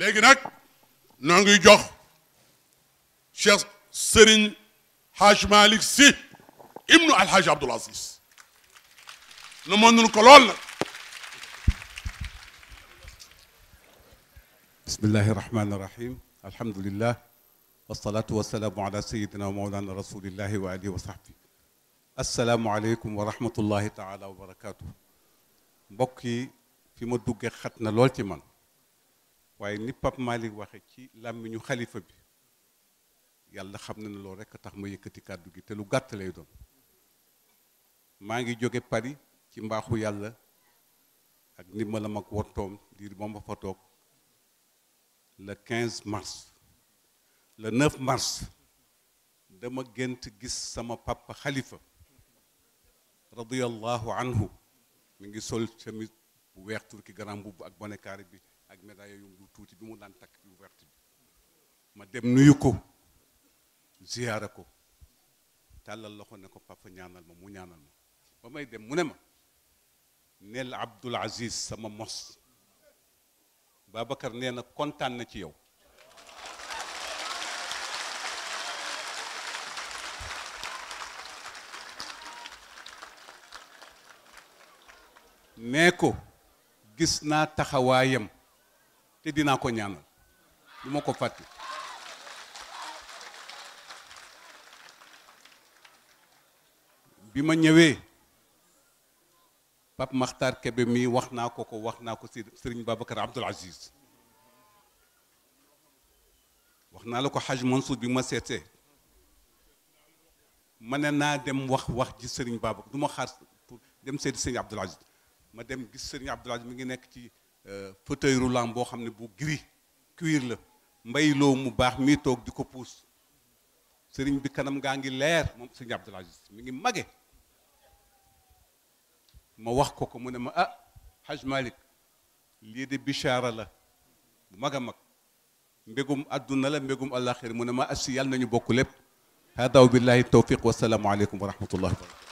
léegi nag noo ngi jox Cheikh Serigne Hadj Malick Sy ibnu Alhaji Abdoul Aziz nu mën nañu ko lool nag bismillahi rahmani rahim alhamdulillah wasalaatu wasalaamu ala sayidina wa maulana rasulillahi wa alihi wa sahbi asalaamualeykum wa rahmatullahi taala wa barakaatu mbokk yi fi ma duggee xat na lool ci man waaye ni maa Malick waxee ci làmmiñu xalifa bi yàlla xam na ne loolu rekk tax ma yëkkati kàddu gi te lu gàtt lay doon maa ngi jóge Paris ci mbaaxu yàlla ak ni ma la mag wottoom diir ba ma fa toog le 15 mars le 9 mars dama gént gis sama papa xalifa radiyallahu anhu mu ngi sol chemise bu weex turki garaam mbubb ak bonnet bi ak médaille yu mu tuuti bi mu daan takk yu verte bi ma dem nuyu ko ziyaara ko tàllal loxo ne ko papa ñaanal ma mu ñaanal ma ba may dem mu ne ma neel Abdul Aziz sama mos Babacar nee na kontaan na ci yow nee ko gis naa taxawaayam te dinaa ko ñaanal lu ma ko fàtte bi ma ñëwee Pape Makhtar Kébé mii wax naa ko ko wax naa ko si Serigne Babacar Abdoul Aziz wax naa la ko Hadj Mansour bi ma seetee ma ne naa dem wax wax ji Serigne Babacar duma ma xaar dem seeti Serigne Abdoul Aziz ma dem gis sëriñ Abdoul Aziz mi ngi nekk ci. Euh, fauteuil roulant boo xam ne bu gri cuir la mbay loo mu baax mii toog di ko puus sëriñ bi kanam ngaa ngi leer moom sëriñ Abdoul Aziz mi ngi mage ma wax ko ko mu ne ma ah Haj malik lii de bichara la bu mag a mag mbégum àdduna la mbégum àllaaxir mu ne ma assi yàlla nañu bokk lépp hada wa billahi tawfiq wasalaamu aleykum wa rahmatullah